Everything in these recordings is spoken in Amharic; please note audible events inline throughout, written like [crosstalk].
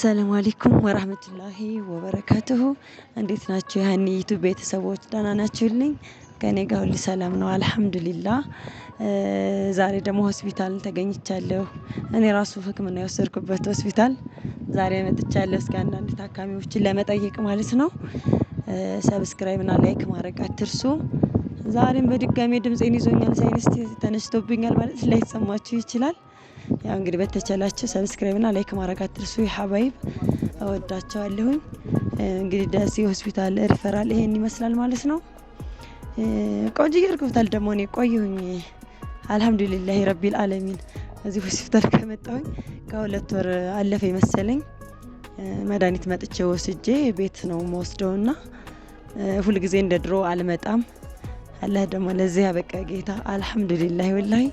አሰላሙ አለይኩም ወራህመቱላሂ ወበረካቱሁ። እንዴት ናችሁ? ያህኒ ዩቱብ ቤተሰቦች ደህና ናችሁልኝ? ከኔ ጋር ሁሉ ሰላም ነው አልሐምዱሊላህ። ዛሬ ደግሞ ሆስፒታል ተገኝቻለሁ። እኔ ራሱ ሕክምና የወሰድኩበት ሆስፒታል ዛሬ መጥቻለሁ። እስኪ አንዳንድ ታካሚዎችን ለመጠየቅ ማለት ነው። ሰብስክራይብ እና ላይክ ማድረግ አትርሱ። ዛሬም በድጋሚ ድምፄን ይዞኛል፣ ሳይንስ ተነስቶብኛል ማለት ተሰማችሁ ይችላል። ያው እንግዲህ በተቻላችሁ ሰብስክራይብና ላይክ ማድረግ አትርሱ። ሀባይብ እወዳቸዋለሁኝ። እንግዲህ ደሴ ሆስፒታል ሪፈራል ይሄን ይመስላል ማለት ነው። ቆንጆ ያርኩታል ደግሞ እኔ ቆየሁኝ። አልሐምዱሊላህ ረቢል አለሚን እዚህ ሆስፒታል ከመጣሁኝ ከሁለት ወር አለፈ መሰለኝ። መድኃኒት መጥቼ ወስጄ ቤት ነው መወስደውና ሁልጊዜ እንደ ድሮ አልመጣም። አላህ ደግሞ ለዚህ ያበቃ ጌታ አልሐምዱሊላህ ወላሂ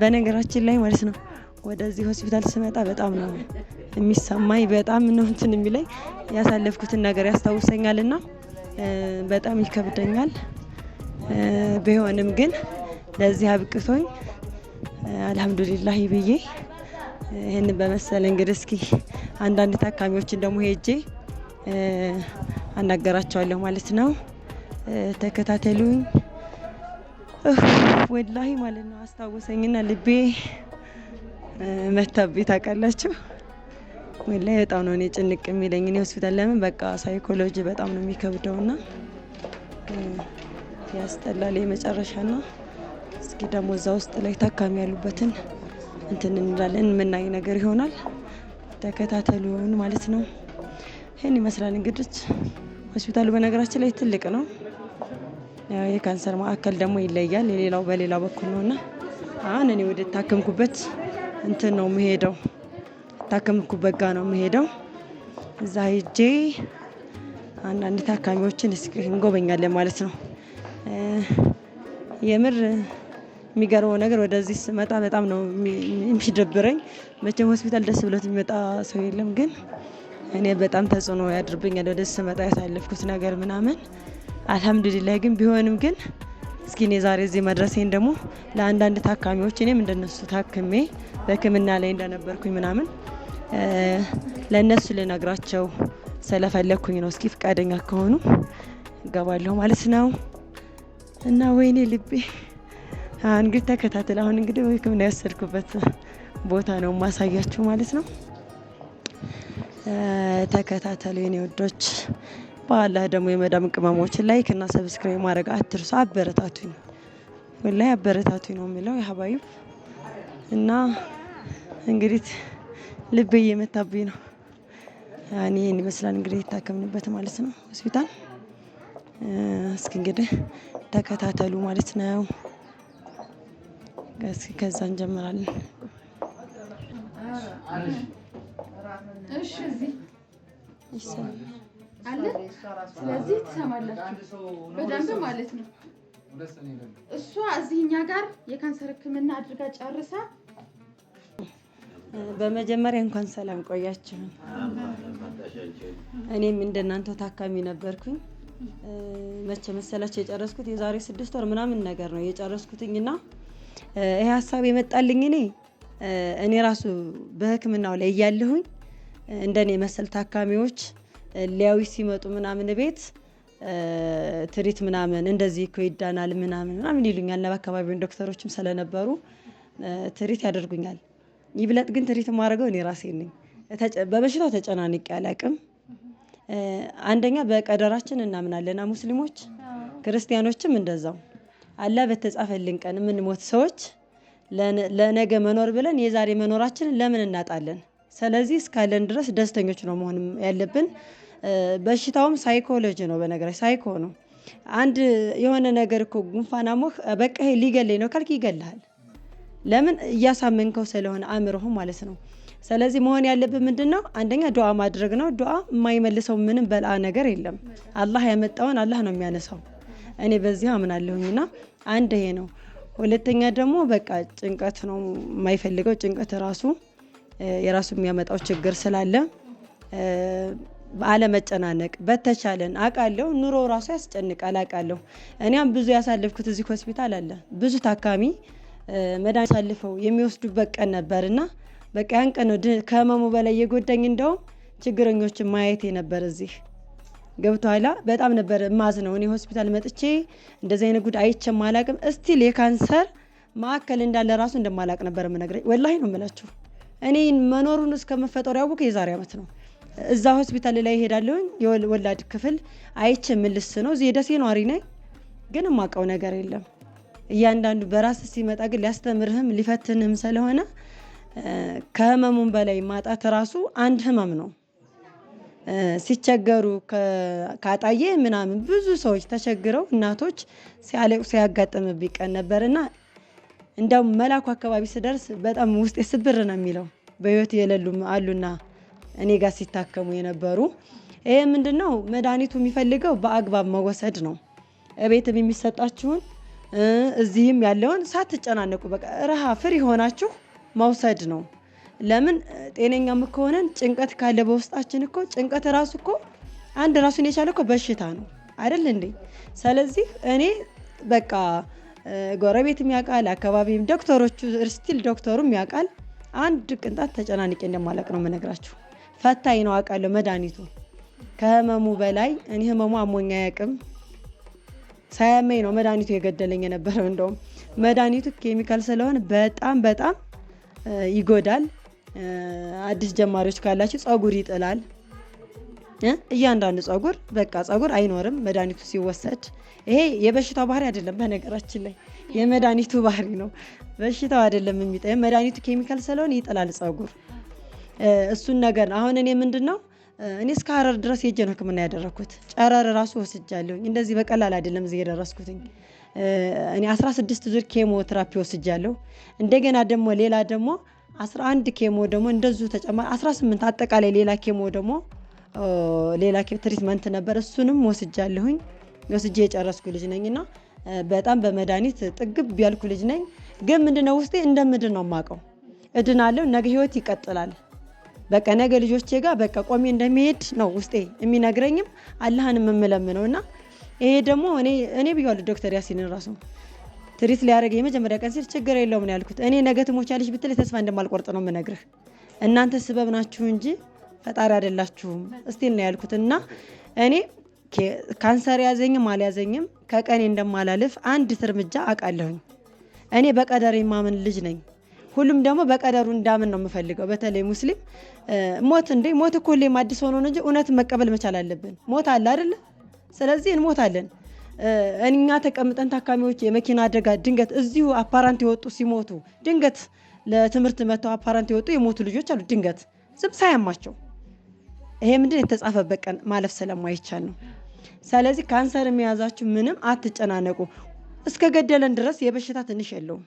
በነገራችን ላይ ማለት ነው ወደዚህ ሆስፒታል ስመጣ በጣም ነው የሚሰማኝ። በጣም ነው እንትን የሚለኝ ያሳለፍኩትን ነገር ያስታውሰኛል እና በጣም ይከብደኛል። ቢሆንም ግን ለዚህ አብቅቶኝ አልሐምዱሊላህ ብዬ ይህንን በመሰለ እንግዲህ እስኪ አንዳንድ ታካሚዎችን ደግሞ ሄጄ አናገራቸዋለሁ ማለት ነው። ተከታተሉኝ። [sighs] ወላሂ ማለት ነው አስታወሰኝና ልቤ መታቤ ታውቃላችሁ። ወላሂ በጣም ነው እኔ ጭንቅ የሚለኝ እኔ ሆስፒታል ለምን በቃ ሳይኮሎጂ በጣም ነው የሚከብደውና ያስጠላል የመጨረሻና እስኪ ደግሞ እዛ ውስጥ ላይ ታካሚ ያሉበትን እንትን እንላለን የምናይ ነገር ይሆናል። ተከታተሉን ማለት ነው። ይህን ይመስላል እንግዲህ ሆስፒታሉ በነገራችን ላይ ትልቅ ነው። የካንሰር ማዕከል ደግሞ ይለያል። የሌላው በሌላ በኩል ነው እና አሁን እኔ ወደ ታከምኩበት እንትን ነው የምሄደው ታከምኩበት ጋ ነው የምሄደው። እዛ ሄጄ አንዳንድ ታካሚዎችን እንጎበኛለን ማለት ነው። የምር የሚገርመው ነገር ወደዚህ ስመጣ በጣም ነው የሚደብረኝ። መቼም ሆስፒታል ደስ ብሎት የሚመጣ ሰው የለም፣ ግን እኔ በጣም ተጽዕኖ ያድርብኛል ወደዚህ ስመጣ ያሳለፍኩት ነገር ምናምን አልሐምዱሊላህ ግን ቢሆንም ግን እስኪ እኔ ዛሬ እዚህ መድረሴን ደግሞ ለአንዳንድ ታካሚዎች እኔም እንደነሱ ታክሜ በሕክምና ላይ እንደነበርኩኝ ምናምን ለእነሱ ልነግራቸው ስለፈለግኩኝ ነው። እስኪ ፍቃደኛ ከሆኑ እገባለሁ ማለት ነው። እና ወይኔ ልቤ እንግዲህ ተከታተል። አሁን እንግዲህ ሕክምና የወሰድኩበት ቦታ ነው ማሳያችሁ ማለት ነው። ተከታተሉ የኔ ውዶች። በአላህ ደግሞ የመዳም ቅመሞችን ላይክ እና ሰብስክራይብ ማድረግ አትርሱ። አበረታቱኝ፣ ወላሂ አበረታቱኝ ነው የሚለው የሀባዩ እና እንግዲህ ልቤ እየመታብኝ ነው። ያኔ ይመስላል እንግዲህ የታከምንበት ማለት ነው ሆስፒታል። እስኪ እንግዲህ ተከታተሉ ማለት ነው። እስኪ ከዛ እንጀምራለን። እሺ እዚህ አለ። ስለዚህ ትሰማላችሁ በደንብ ማለት ነው። እሷ እዚህ እኛ ጋር የካንሰር ሕክምና አድርጋ ጨርሳ በመጀመሪያ እንኳን ሰላም ቆያችሁ። እኔም እንደናንተ ታካሚ ነበርኩኝ። መቼ መሰላችሁ የጨረስኩት? የዛሬ ስድስት ወር ምናምን ነገር ነው የጨረስኩትኝና ይሄ ሀሳብ የመጣልኝ እኔ እኔ ራሱ በህክምናው ላይ እያለሁኝ እንደኔ መሰል ታካሚዎች ሊያዊ ሲመጡ ምናምን ቤት ትሪት ምናምን እንደዚህ እኮ ይዳናል ምናምን ምናምን ይሉኛል። በአካባቢውን ዶክተሮችም ስለነበሩ ትሪት ያደርጉኛል። ይብለጥ ግን ትሪት ማድረገው እኔ ራሴ ነኝ። በበሽታው ተጨናንቄ አላቅም። አንደኛ በቀደራችን እናምናለና ሙስሊሞች፣ ክርስቲያኖችም እንደዛው አላ በተጻፈልን ቀን የምንሞት ሰዎች ለነገ መኖር ብለን የዛሬ መኖራችንን ለምን እናጣለን? ስለዚህ እስካለን ድረስ ደስተኞች ነው መሆን ያለብን። በሽታውም ሳይኮሎጂ ነው፣ በነገራችን ሳይኮ ነው። አንድ የሆነ ነገር እኮ ጉንፋን አሞህ በቃ ሊገለኝ ነው ካልክ ይገልሃል። ለምን እያሳመንከው ስለሆነ አእምሮህ ማለት ነው። ስለዚህ መሆን ያለብን ምንድን ነው? አንደኛ ዱዓ ማድረግ ነው። ዱዓ የማይመልሰው ምንም በላ ነገር የለም። አላህ ያመጣውን አላህ ነው የሚያነሳው። እኔ በዚህ አምናለሁኝና አንድ ይሄ ነው። ሁለተኛ ደግሞ በቃ ጭንቀት ነው የማይፈልገው ጭንቀት ራሱ የራሱ የሚያመጣው ችግር ስላለ አለመጨናነቅ በተቻለን አውቃለሁ። ኑሮ ራሱ ያስጨንቃል አውቃለሁ። እኔም ብዙ ያሳለፍኩት እዚህ ሆስፒታል አለ ብዙ ታካሚ መድኃኒት አሳልፈው የሚወስዱበት ቀን ነበር እና በቃ ያን ቀን ነው ከህመሙ በላይ የጎዳኝ እንደውም ችግረኞችን ማየት ነበር እዚህ ገብቶ ኋላ በጣም ነበር ማዝ ነው። እኔ ሆስፒታል መጥቼ እንደዚህ አይነት ጉድ አይቼ ማላቅም። እስቲል የካንሰር ማዕከል እንዳለ ራሱ እንደማላቅ ነበር ምነግረኝ። ወላሂ ነው ምላችሁ። እኔ መኖሩን እስከ መፈጠሩ ያወቅ የዛሬ ዓመት ነው። እዛ ሆስፒታል ላይ እሄዳለሁኝ የወላድ ክፍል አይቼ ምልስ ነው። እዚህ የደሴ ነዋሪ ነኝ፣ ግን የማውቀው ነገር የለም። እያንዳንዱ በራስ ሲመጣ ግን ሊያስተምርህም ሊፈትንህም ስለሆነ ከህመሙን በላይ ማጣት ራሱ አንድ ህመም ነው። ሲቸገሩ ካጣዬ ምናምን ብዙ ሰዎች ተቸግረው እናቶች ሲያለቅሱ ያጋጠመብኝ ቀን እና እንደውም መላኩ አካባቢ ስደርስ በጣም ውስጤ ስብር ነው የሚለው በህይወት የሌሉም አሉና እኔ ጋር ሲታከሙ የነበሩ። ይሄ ምንድን ነው መድኃኒቱ የሚፈልገው በአግባብ መወሰድ ነው። እቤትም የሚሰጣችሁን እዚህም ያለውን ሳትጨናነቁ በቃ ረሃ ፍሪ ሆናችሁ መውሰድ ነው። ለምን ጤነኛም ከሆነን ጭንቀት ካለ በውስጣችን እኮ ጭንቀት ራሱ እኮ አንድ ራሱን የቻለ እኮ በሽታ ነው አይደል እንዴ? ስለዚህ እኔ በቃ ጎረቤትም ያውቃል፣ አካባቢም ዶክተሮቹ ስቲል ዶክተሩም ያውቃል። አንድ ቅንጣት ተጨናንቄ እንደማላቅ ነው የምነግራችሁ። ፈታኝ ነው አውቃለሁ። መድኃኒቱ ከህመሙ በላይ እኔ ህመሙ አሞኛ ያቅም ሳያመኝ ነው መድኃኒቱ የገደለኝ የነበረው። እንደውም መድኃኒቱ ኬሚካል ስለሆነ በጣም በጣም ይጎዳል። አዲስ ጀማሪዎች ካላችሁ ጸጉር ይጥላል። እያንዳንዱ ጸጉር በቃ ጸጉር አይኖርም መድኃኒቱ ሲወሰድ ይሄ የበሽታው ባህሪ አይደለም፣ በነገራችን ላይ የመድኃኒቱ ባህሪ ነው። በሽታው አይደለም የሚጠ መድኃኒቱ ኬሚካል ስለሆነ ይጥላል ጸጉር። እሱን ነገር አሁን እኔ ምንድን ነው እኔ እስከ ሀረር ድረስ ሄጄ ነው ሕክምና ያደረግኩት። ጨረር ራሱ ወስጃለሁኝ። እንደዚህ በቀላል አይደለም እዚህ የደረስኩትኝ። እኔ 16 ዙር ኬሞ ትራፒ ወስጃለሁ። እንደገና ደግሞ ሌላ ደግሞ 11 ኬሞ ደግሞ እንደዙ ተጨማ 18 አጠቃላይ ሌላ ኬሞ ደግሞ ሌላ ትሪትመንት ነበር እሱንም ወስጃለሁኝ። ወስጄ የጨረስኩ ልጅ እና በጣም በመድኃኒት ጥግብ ቢያልኩ ልጅ ነኝ። ግን ምንድነው ውስጤ እንደምድን ነው የማውቀው። እድናለሁ፣ ነገ ህይወት ይቀጥላል። በቃ ነገ ልጆቼ ጋር በቃ ቆሜ እንደሚሄድ ነው ውስጤ የሚነግረኝም አላህን የምለምነው እና ይሄ ደግሞ እኔ ብያለሁ ዶክተር ያሲንን ራሱ ትሪት ሊያደረገ የመጀመሪያ ቀን ሲል ችግር የለውም ነው ያልኩት። እኔ ነገ ትሞቻለሽ ብትል ተስፋ እንደማልቆርጥ ነው የምነግርህ። እናንተ ስበብ ናችሁ እንጂ ፈጣሪ አይደላችሁም እስቲል ነው ያልኩት እና እኔ ካንሰር ያዘኝም አልያዘኝም ከቀኔ እንደማላልፍ አንዲት እርምጃ አውቃለሁኝ። እኔ በቀደር የማምን ልጅ ነኝ። ሁሉም ደግሞ በቀደሩ እንዳምን ነው የምፈልገው። በተለይ ሙስሊም ሞት እንዴ ሞት እኮ ሁሌም አዲስ ሆኖ እንጂ እውነት መቀበል መቻል አለብን። ሞት አለ አይደለ? ስለዚህ እንሞታለን። እኛ ተቀምጠን ታካሚዎች የመኪና አደጋ ድንገት እዚሁ አፓራንት የወጡ ሲሞቱ ድንገት ለትምህርት መጥተው አፓራንት የወጡ የሞቱ ልጆች አሉ። ድንገት ዝም ሳያማቸው ይሄ ምንድን የተጻፈበት ቀን ማለፍ ስለማይቻል ነው። ስለዚህ ካንሰር የሚያዛችሁ ምንም አትጨናነቁ። እስከ ገደለን ድረስ የበሽታ ትንሽ የለውም።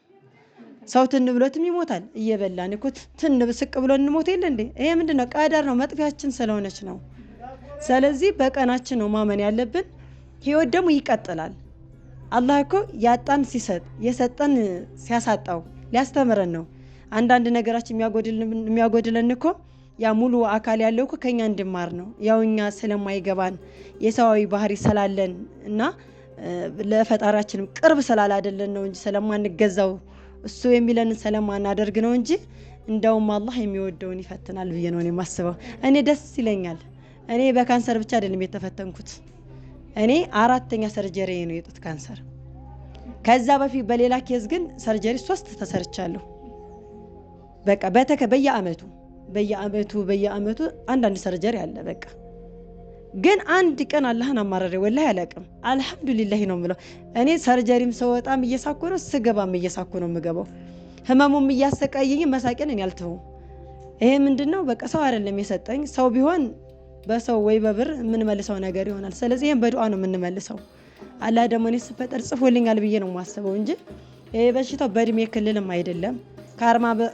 ሰው ትን ብሎትም ይሞታል። እየበላን እኮ ትን ብስቅ ብሎ እንሞት የለ እንዴ? ይሄ ምንድን ነው? ቀዳር ነው፣ መጥፊያችን ስለሆነች ነው። ስለዚህ በቀናችን ነው ማመን ያለብን። ህይወት ደግሞ ይቀጥላል። አላህ እኮ ያጣን ሲሰጥ የሰጠን ሲያሳጣው ሊያስተምረን ነው። አንዳንድ ነገራችን የሚያጎድለን እኮ ያ ሙሉ አካል ያለው እኮ ከኛ እንድማር ነው። ያው እኛ ስለማይገባን የሰዋዊ ባህሪ ስላለን እና ለፈጣሪያችንም ቅርብ ስላላደለን ነው እንጂ ስለማንገዛው እሱ የሚለንን ስለማናደርግ ነው እንጂ እንደውም አላህ የሚወደውን ይፈትናል ብዬ ነው የማስበው። እኔ ደስ ይለኛል። እኔ በካንሰር ብቻ አይደለም የተፈተንኩት። እኔ አራተኛ ሰርጀሪ ነው የጡት ካንሰር። ከዛ በፊት በሌላ ኬዝ ግን ሰርጀሪ ሶስት ተሰርቻለሁ። በቃ በተከ በየአመቱ በየአመቱ በየአመቱ አንዳንድ ሰርጀሪ አለ። በቃ ግን አንድ ቀን አላህን አማራሪ ወላሂ አላውቅም። አልሐምዱሊላህ ነው የምለው እኔ ሰርጀሪም ስወጣም እየሳኩ ነው፣ ስገባም እየሳኩ ነው የምገባው። ህመሙም እያሰቃየኝ መሳቄን እኔ አልተውም። ይሄ ምንድን ነው? በቃ ሰው አይደለም የሰጠኝ። ሰው ቢሆን በሰው ወይ በብር የምንመልሰው ነገር ይሆናል። ስለዚህ ይህም በዱዓ ነው የምንመልሰው። አላህ ደግሞ እኔ ስፈጠር ጽፎልኛል ብዬ ነው የማስበው እንጂ ይሄ በሽታው በእድሜ ክልልም አይደለም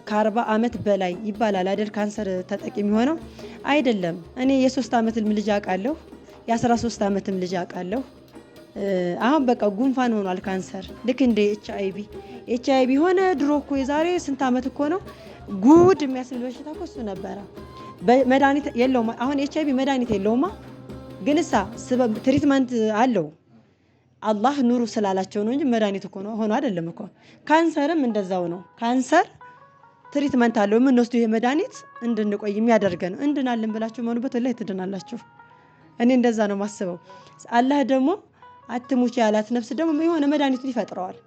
ከአርባ ዓመት በላይ ይባላል አይደል? ካንሰር ተጠቂ የሚሆነው አይደለም። እኔ የሶስት ዓመትም ልጅ አውቃለሁ፣ የ13 ዓመትም ልጅ አውቃለሁ። አሁን በቃ ጉንፋን ሆኗል ካንሰር፣ ልክ እንደ ኤች አይ ቪ ኤች አይ ቪ ሆነ። ድሮ እኮ የዛሬ ስንት ዓመት እኮ ነው ጉድ የሚያስብል በሽታ እኮ እሱ ነበረ። መድኃኒት የለውም አሁን ኤች አይ ቪ መድኃኒት የለውማ፣ ግን ትሪትመንት አለው አላህ ኑሩ ስላላቸው ነው እንጂ መድኃኒት እኮ ነው ሆኖ አይደለም እኮ። ካንሰርም እንደዛው ነው። ካንሰር ትሪትመንት አለው የምንወስዱ ይሄ መድኃኒት እንድንቆይ የሚያደርገ ነው። እንድናለን ብላችሁ መሆኑበት ላይ ትድናላችሁ። እኔ እንደዛ ነው ማስበው። አላህ ደግሞ አትሙች ያላት ነፍስ ደግሞ የሆነ መድኃኒቱን ይፈጥረዋል።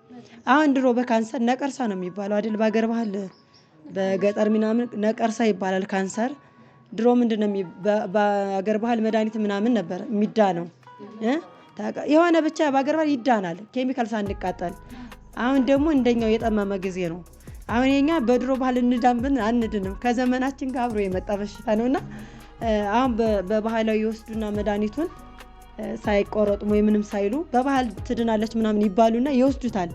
አሁን ድሮ በካንሰር ነቀርሳ ነው የሚባለው አይደል? በሀገር ባህል በገጠር ምናምን ነቀርሳ ይባላል ካንሰር። ድሮ ምንድን ነው በአገር ባህል መድኃኒት ምናምን ነበር የሚዳ ነው የሆነ ብቻ በሀገር ባል ይዳናል ኬሚካል ሳንቃጠል። አሁን ደግሞ እንደኛው የጠመመ ጊዜ ነው። አሁን የኛ በድሮ ባህል እንዳንብን አንድንም ከዘመናችን ጋር አብሮ የመጣ በሽታ ነውና አሁን በባህላዊ የወስዱና መድኃኒቱን ሳይቆረጡም ወይ ምንም ሳይሉ በባህል ትድናለች ምናምን ይባሉና ይወስዱታል።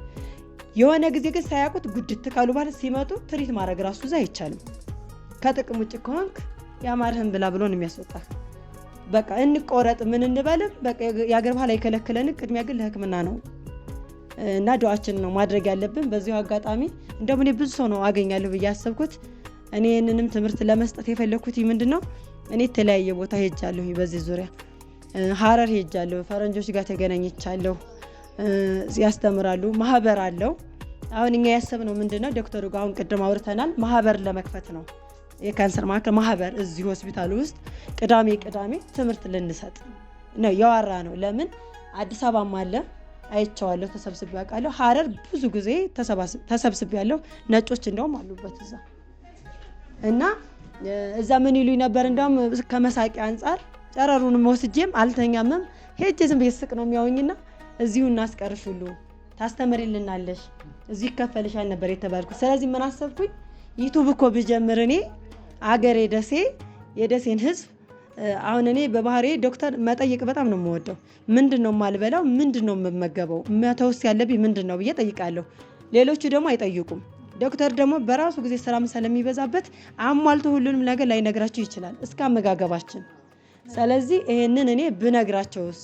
የሆነ ጊዜ ግን ሳያውቁት ጉድት ካሉ በኋላ ሲመጡ ትሪት ማድረግ ራሱ እዛ አይቻልም። ከጥቅም ውጭ ከሆንክ ያማርህን ብላ ብሎን የሚያስወጣ በቃ እንቆረጥ ምን እንበልም በቃ የአገር ባህል የከለከለን፣ ቅድሚያ ግን ለህክምና ነው እና ድዋችን ነው ማድረግ ያለብን። በዚሁ አጋጣሚ እንደውም እኔ ብዙ ሰው ነው አገኛለሁ ብዬ ያሰብኩት እኔ ይህንንም ትምህርት ለመስጠት የፈለግኩት ምንድን ነው እኔ የተለያየ ቦታ ሄጃለሁ። በዚህ ዙሪያ ሀረር ሄጃለሁ፣ ፈረንጆች ጋር ተገናኝቻለሁ። ያስተምራሉ፣ ማህበር አለው። አሁን እኛ ያሰብነው ምንድን ነው ዶክተሩ ጋር አሁን ቅድም አውርተናል፣ ማህበር ለመክፈት ነው የካንሰር ማዕከል ማህበር እዚህ ሆስፒታል ውስጥ ቅዳሜ ቅዳሜ ትምህርት ልንሰጥ ነው የዋራ ነው። ለምን አዲስ አበባም አለ አይቼዋለሁ፣ ተሰብስቤ ያውቃለሁ። ሀረር ብዙ ጊዜ ተሰብስቤ ያለሁ ነጮች እንደውም አሉበት እዛ እና እዛ ምን ይሉኝ ነበር እንደውም ከመሳቂያ አንጻር ጨረሩንም ወስጄም አልተኛምም ሄጅ ዝም ብዬ ነው የሚያወኝና እዚሁ እናስቀርሽ ሁሉ ታስተምሪልናለሽ እዚህ ይከፈልሻል ነበር የተባልኩት። ስለዚህ ምን አሰብኩኝ ዩቱብ እኮ ብጀምር እኔ አገሬ ደሴ የደሴን ህዝብ አሁን እኔ በባህሪ ዶክተር መጠየቅ በጣም ነው የምወደው። ምንድን ነው የማልበላው? ምንድን ነው የምመገበው? መተውስ ያለብኝ ምንድን ነው ብዬ ጠይቃለሁ። ሌሎቹ ደግሞ አይጠይቁም። ዶክተር ደግሞ በራሱ ጊዜ ስራም ስለሚበዛበት አሟልቶ ሁሉንም ነገር ላይነግራቸው ይችላል፣ እስከ አመጋገባችን። ስለዚህ ይህንን እኔ ብነግራቸውስ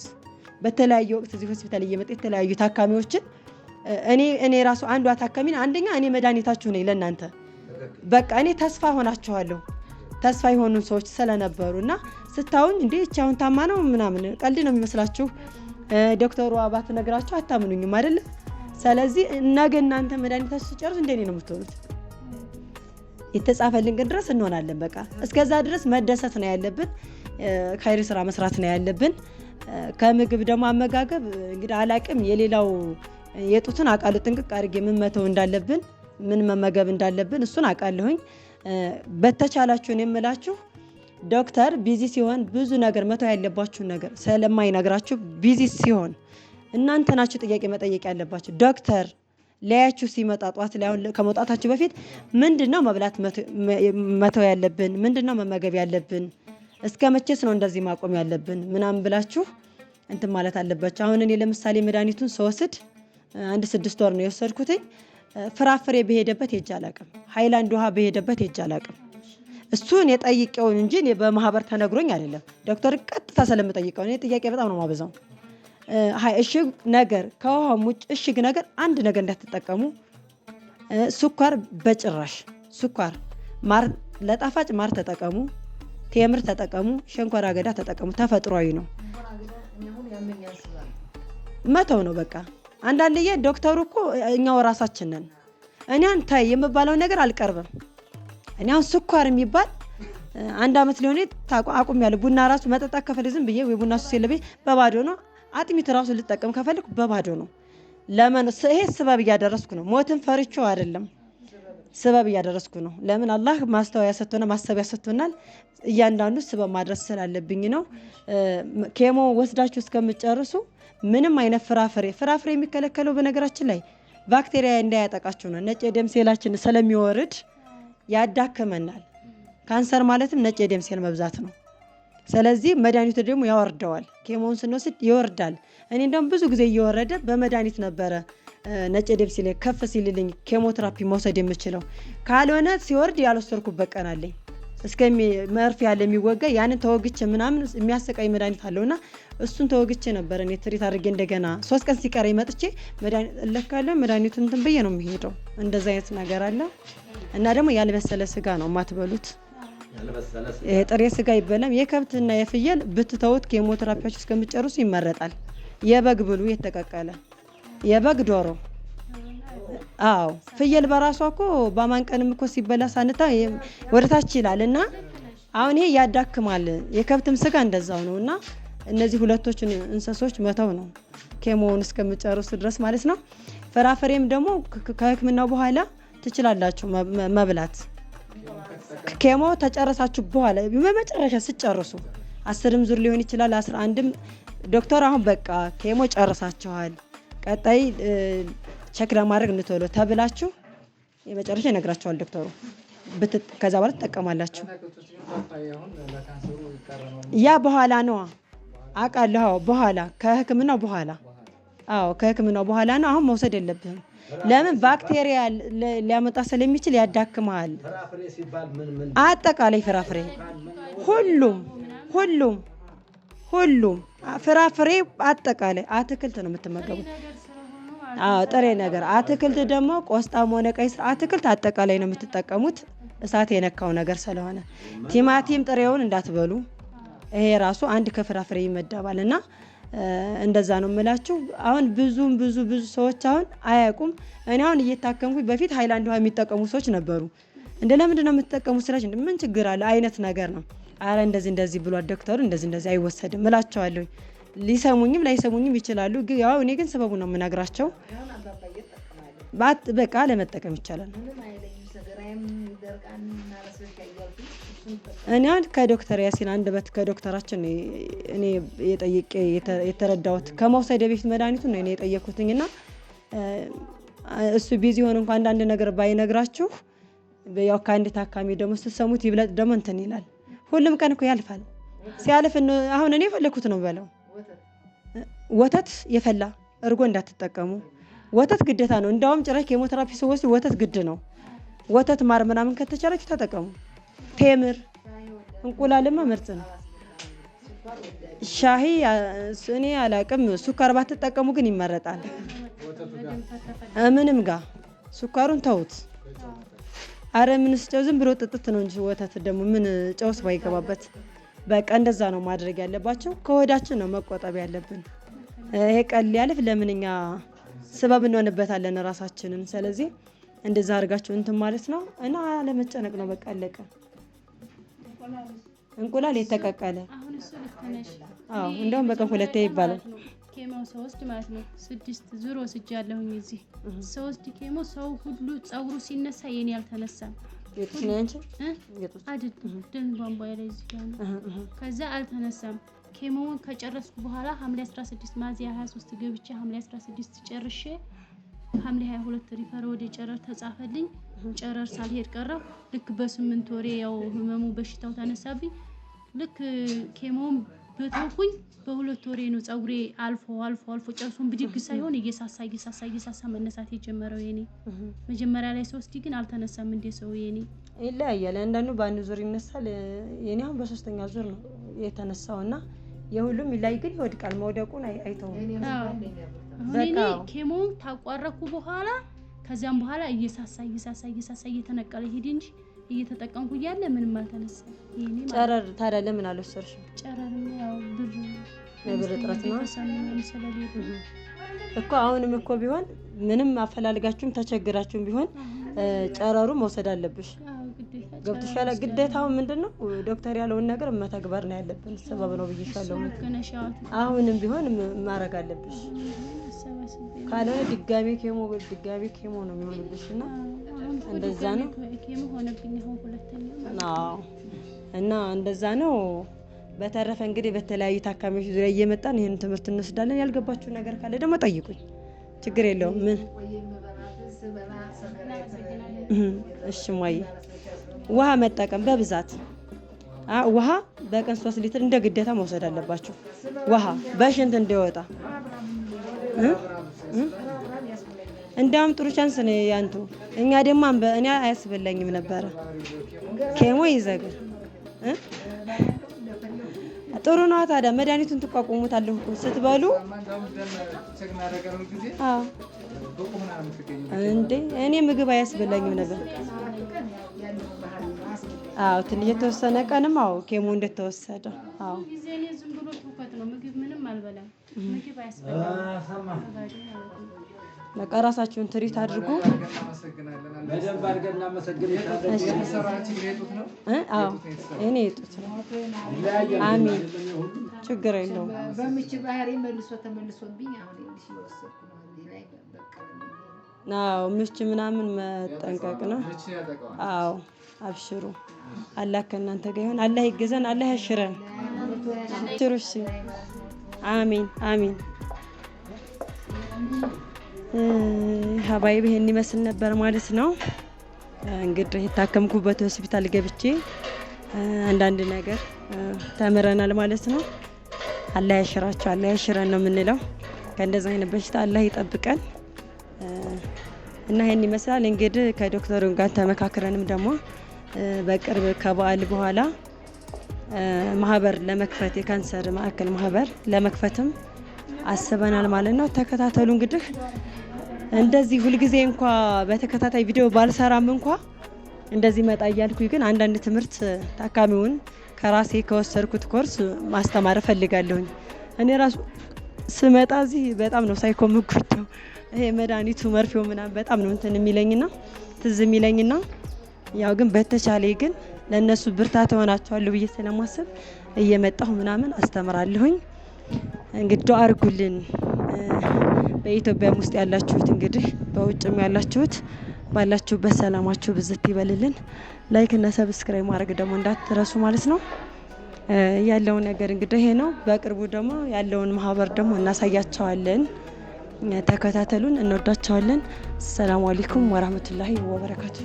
በተለያየ ወቅት እዚህ ሆስፒታል እየመጣ የተለያዩ ታካሚዎችን እኔ እኔ ራሱ አንዷ ታካሚ አንደኛ እኔ መድኃኒታችሁ ነኝ ለእናንተ በቃ እኔ ተስፋ ሆናችኋለሁ። ተስፋ የሆኑ ሰዎች ስለነበሩ እና ስታውኝ እንዴ እቻሁን ታማ ነው ምናምን ቀልድ ነው የሚመስላችሁ። ዶክተሩ አባት ነግራችሁ አታምኑኝም አይደለም። ስለዚህ ነገ እናንተ መድኃኒታችሁ ስጨርስ እንደኔ ነው የምትሆኑት። የተጻፈልን ድረስ እንሆናለን። በቃ እስከዛ ድረስ መደሰት ነው ያለብን። ካይሪ ስራ መስራት ነው ያለብን። ከምግብ ደግሞ አመጋገብ እንግዲህ አላቅም የሌላው የጡትን አቃሉ ጥንቅቅ አድርጌ የምመተው እንዳለብን ምን መመገብ እንዳለብን እሱን አውቃለሁኝ። በተቻላችሁን የምላችሁ ዶክተር ቢዚ ሲሆን ብዙ ነገር መተው ያለባችሁ ነገር ስለማይነግራችሁ ቢዚ ሲሆን እናንተ ናችሁ ጥያቄ መጠየቅ ያለባችሁ። ዶክተር ሊያያችሁ ሲመጣ ጧት ከመውጣታችሁ በፊት ምንድን ነው መብላት መተው ያለብን? ምንድን ነው መመገብ ያለብን? እስከ መቼስ ነው እንደዚህ ማቆም ያለብን? ምናምን ብላችሁ እንትን ማለት አለባችሁ። አሁን እኔ ለምሳሌ መድኃኒቱን ስወስድ አንድ ስድስት ወር ነው የወሰድኩትኝ ፍራፍሬ በሄደበት ሄጄ አላውቅም። ሀይላንድ ውሃ በሄደበት ሄጄ አላውቅም። እሱን የጠይቀውን እንጂ በማህበር ተነግሮኝ አይደለም። ዶክተር ቀጥታ ስለምጠይቀው እኔ ጥያቄ በጣም ነው ማበዛው። እሽግ ነገር ከውሃም ውጭ እሽግ ነገር አንድ ነገር እንዳትጠቀሙ። ስኳር በጭራሽ ስኳር፣ ማር ለጣፋጭ ማር ተጠቀሙ፣ ቴምር ተጠቀሙ፣ ሸንኮራ አገዳ ተጠቀሙ። ተፈጥሯዊ ነው፣ መተው ነው በቃ። አንዳንድዬ ዶክተሩ እኮ እኛው ራሳችን ነን። እኔ አንታይ የምባለው ነገር አልቀርብም። እኔ አሁን ስኳር የሚባል አንድ አመት ሊሆን ያለ ቡና ራሱ መጠጣት ከፈል ዝም ብዬ ወይ ቡና ሱስ የለብኝ በባዶ ነው። አጥሚት ራሱ ልጠቀም ከፈልኩ በባዶ ነው። ለምን ይሄ ስበብ እያደረስኩ ነው። ሞትን ፈርቼው አይደለም፣ ስበብ እያደረስኩ ነው። ለምን አላህ ማስተዋያ ሰጥቶናል፣ ማሰቢያ ሰጥቶናል። እያንዳንዱ ስበብ ማድረስ ስላለብኝ ነው። ኬሞ ወስዳችሁ እስከምጨርሱ ምንም አይነት ፍራፍሬ ፍራፍሬ የሚከለከለው በነገራችን ላይ ባክቴሪያ እንዳያጠቃችሁ ነው። ነጭ የደም ሴላችን ስለሚወርድ ያዳክመናል። ካንሰር ማለትም ነጭ የደም ሴል መብዛት ነው። ስለዚህ መድኃኒቱ ደግሞ ያወርደዋል። ኬሞን ስንወስድ ይወርዳል። እኔ እንደውም ብዙ ጊዜ እየወረደ በመድኃኒት ነበረ ነጭ የደም ሴል ከፍ ሲልልኝ ኬሞትራፒ መውሰድ የምችለው ካልሆነ ሲወርድ ያልወሰድኩበት ቀን አለኝ። እስከሚ መርፌ ያለ የሚወጋ ያንን ተወግቼ ምናምን የሚያሰቃይ መድኃኒት አለውና እሱን ተወግቼ ነበር እኔ ትሪት አድርጌ እንደገና ሶስት ቀን ሲቀረኝ መጥቼ መድኃኒት እለካለሁ። መድኃኒቱ እንትን ብዬ ነው የሚሄደው። እንደዚ አይነት ነገር አለ እና ደግሞ ያልበሰለ ስጋ ነው የማትበሉት። ጥሬ ስጋ አይበላም። የከብትና የፍየል ብትተውት ኬሞቴራፒያችሁ እስከምትጨርሱ ይመረጣል። የበግ ብሉ የተቀቀለ የበግ ዶሮ አዎ ፍየል በራሷ እኮ በማን ቀንም እኮ ሲበላ ሳንታ ወደ ታች ይላል እና አሁን ይሄ ያዳክማል። የከብትም ስጋ እንደዛው ነው እና እነዚህ ሁለቶችን እንሰሶች መተው ነው ኬሞውን እስከምጨርሱ ድረስ ማለት ነው። ፍራፍሬም ደግሞ ከህክምናው በኋላ ትችላላችሁ መብላት ኬሞ ተጨረሳችሁ በኋላ በመጨረሻ ስጨርሱ አስርም ዙር ሊሆን ይችላል አስራ አንድም ዶክተር አሁን በቃ ኬሞ ጨርሳችኋል ቀጣይ ቸክ ለማድረግ እንድትሉ ተብላችሁ የመጨረሻ ይነግራችኋል ዶክተሩ። ከዛ በኋላ ትጠቀማላችሁ። ያ በኋላ ነዋ አውቃለሁ። በኋላ ከህክምናው በኋላ አዎ፣ ከህክምናው በኋላ ነው። አሁን መውሰድ የለብህም። ለምን ባክቴሪያ ሊያመጣ ስለሚችል ያዳክመሃል። አጠቃላይ ፍራፍሬ ሁሉም ሁሉም ሁሉም ፍራፍሬ አጠቃላይ አትክልት ነው የምትመገቡት። ጥሬ ነገር። አትክልት ደግሞ ቆስጣም ሆነ ቀይ ስር አትክልት አጠቃላይ ነው የምትጠቀሙት እሳት የነካው ነገር ስለሆነ፣ ቲማቲም ጥሬውን እንዳትበሉ። ይሄ ራሱ አንድ ከፍራፍሬ ይመደባል እና እንደዛ ነው የምላችሁ። አሁን ብዙም ብዙ ብዙ ሰዎች አሁን አያውቁም። እኔ አሁን እየታከምኩኝ በፊት ሀይላንድ ውሃ የሚጠቀሙ ሰዎች ነበሩ። እንደ ለምንድን ነው የምትጠቀሙ ስላች ምን ችግር አለ አይነት ነገር ነው። አረ እንደዚህ እንደዚህ ብሏል ዶክተሩ እንደዚህ እንደዚህ አይወሰድም እላቸዋለሁኝ። ሊሰሙኝም ላይሰሙኝም ይችላሉ። ያው እኔ ግን ስበቡ ነው የምነግራቸው። በቃ ለመጠቀም ይቻላል። እኔ አንድ ከዶክተር ያሲን አንድ በት ከዶክተራችን እኔ የጠየቄ የተረዳሁት ከመውሰድ የበፊት መድኃኒቱ ነው እኔ የጠየኩትኝ እና እሱ ቢዚ ሆን እንኳ አንዳንድ ነገር ባይነግራችሁ ያው ከአንድ ታካሚ ደግሞ ስትሰሙት ይብለጥ ደግሞ እንትን ይላል። ሁሉም ቀን እኮ ያልፋል። ሲያልፍ አሁን እኔ የፈለግኩት ነው በለው ወተት የፈላ እርጎ እንዳትጠቀሙ። ወተት ግዴታ ነው። እንዳውም ጭራሽ ኬሞቴራፒ ሲወስድ ወተት ግድ ነው። ወተት ማር ምናምን ከተቻላችሁ ተጠቀሙ። ቴምር እንቁላልማ ምርጥ ነው። ሻሂ እኔ አላቅም። ሱካር ባትጠቀሙ ግን ይመረጣል። ምንም ጋ ሱካሩን ተውት። አረ ምንስ ጨው ዝም ብሎ ጥጥት ነው እንጂ ወተት ደግሞ ምን ጨውስ ባይገባበት በቃ እንደዛ ነው ማድረግ ያለባቸው። ከወዳችን ነው መቆጠብ ያለብን። ይሄ ቀን ሊያልፍ ለምን እኛ ስበብ እንሆንበታለን ራሳችንን። ስለዚህ እንደዛ አድርጋችሁ እንትን ማለት ነው እና ለመጨነቅ ነው በቃ አለቀ። እንቁላል የተቀቀለ አዎ፣ እንደውም በቀን ሁለቴ ይባላል። ኬሞ ሶስት ማለት ነው ስድስት ዙሮ ስጃለሁኝ እዚህ ሶስት ኬሞ ሰው ሁሉ ጸጉሩ ሲነሳ የኔ አልተነሳም። ቤት ነው ያንቺ? ቤት አይደለም። ደም ቧንቧ ላይ እዚህ ጋር ነው። ከዛ አልተነሳም። ኬሞውን ከጨረስኩ በኋላ ሐምሌ 16 ሚያዝያ 23 ገብቼ ሐምሌ 16 ጨርሼ ሐምሌ 22 ሪፈር ወደ ጨረር ተጻፈልኝ። ጨረር ሳልሄድ ቀረው። ልክ በስምንት ወሬ ያው ህመሙ በሽታው ተነሳብኝ። ልክ ኬሞውን በተውኩኝ በሁለት ወሬ ነው ፀጉሬ አልፎ አልፎ አልፎ ጨርሱን ብድግ ሳይሆን እየሳሳ እየሳሳ እየሳሳ መነሳት የጀመረው የኔ። መጀመሪያ ላይ ሶስት ግን አልተነሳም እንደ ሰው የኔ። ይለያያል። አንዳንዱ በአንድ ዙር ይነሳል። የኔ አሁን በሶስተኛ ዙር ነው የተነሳው እና የሁሉም ላይ ግን ይወድቃል። መውደቁን አይተው እኔ ኬሞን ታቋረኩ በኋላ ከዚያም በኋላ እየሳሳ እየሳሳ እየሳሳ እየተነቀለ ሄድ እንጂ እየተጠቀምኩ እያለ ምንም አልተነሳም። ጨረር ታዲያ ለምን አልወሰድሽም? ጨረር ያው ብር ብር እጥረት ነው እኮ። አሁንም እኮ ቢሆን ምንም አፈላልጋችሁም ተቸግራችሁም ቢሆን ጨረሩ መውሰድ አለብሽ። ገብቶሻል። ግዴታው ምንድን ነው? ዶክተር ያለውን ነገር መተግበር ነው ያለብን። ሰበብ ነው ብዬሻለሁ። አሁንም ቢሆን ማድረግ አለብሽ። ካልሆነ ድጋሚ ኬሞ ድጋሚ ኬሞ ነው የሚሆንብሽ እና እንደዛ ነው እና እንደዛ ነው። በተረፈ እንግዲህ በተለያዩ ታካሚዎች ዙሪያ እየመጣን ይህን ትምህርት እንወስዳለን። ያልገባችሁ ነገር ካለ ደግሞ ጠይቁኝ፣ ችግር የለውም። ምን እሺ፣ ሟዬ ውሃ መጠቀም በብዛት ውሃ በቀን ሶስት ሊትር እንደ ግዴታ መውሰድ አለባችሁ። ውሃ በሽንት እንዲወጣ እንዳውም ጥሩ ቻንስ ነው ያንቱ። እኛ ደግሞ እኔ አያስበላኝም ነበረ። ኬሞ ይዘጋል። ጥሩ ነው ታዲያ፣ መድኃኒቱን ትቋቁሙታለሁ እኮ ስትበሉ እንዴ። እኔ ምግብ አያስበላኝም ነበር። አዎ ትንሽ የተወሰነ ቀንም አዎ ኬሞ እንደተወሰደ አዎ ምግብ ምንም አልበላም። ምግብ አያስበላኝም በቃ ራሳችሁን ትሪት አድርጉ። በደንብ አድርገን እኔ የጡት ችግር የለውም። ምች ምናምን መጠንቀቅ ነው። አዎ አብሽሩ። አላህ ከእናንተ ጋር ይሁን። አላህ ይገዛን። አላህ ያሽረን። አሚን አሚን ሀባይ ይሄን ይመስል ነበር ማለት ነው። እንግዲህ የታከምኩበት ሆስፒታል ገብቼ አንዳንድ ነገር ተምረናል ማለት ነው። አላህ ያሽራቸው፣ አላህ ያሽረን ነው የምንለው። ከእንደዚህ አይነት በሽታ አላህ ይጠብቀን እና ይሄን ይመስላል እንግዲህ ከዶክተሩ ጋር ተመካክረንም ደግሞ በቅርብ ከበዓል በኋላ ማህበር ለመክፈት የካንሰር ማዕከል ማህበር ለመክፈትም አስበናል ማለት ነው። ተከታተሉ እንግዲህ እንደዚህ ሁልጊዜ እንኳ በተከታታይ ቪዲዮ ባልሰራም እንኳ እንደዚህ መጣ እያልኩኝ ግን አንዳንድ ትምህርት ታካሚውን ከራሴ ከወሰድኩት ኮርስ ማስተማር እፈልጋለሁኝ። እኔ ራሱ ስመጣ እዚህ በጣም ነው ሳይኮ ምጎዳው። ይሄ መድኃኒቱ መርፌው ምናምን በጣም ነው እንትን የሚለኝና ትዝ የሚለኝና ያው ግን በተቻለ ግን ለእነሱ ብርታት ሆናቸዋለሁ ብዬ ስለማስብ እየመጣሁ ምናምን አስተምራለሁኝ። እንግዲህ አርጉልን በኢትዮጵያም ውስጥ ያላችሁት እንግዲህ በውጭም ያላችሁት ባላችሁበት ሰላማችሁ ብዝት ይበልልን። ላይክ እና ሰብስክራይብ ማድረግ ደግሞ እንዳትረሱ ማለት ነው። ያለውን ነገር እንግዲህ ይሄ ነው። በቅርቡ ደግሞ ያለውን ማህበር ደግሞ እናሳያቸዋለን። ተከታተሉን። እንወዳቸዋለን። ሰላም አሌይኩም ወራህመቱላሂ ወበረካቱ።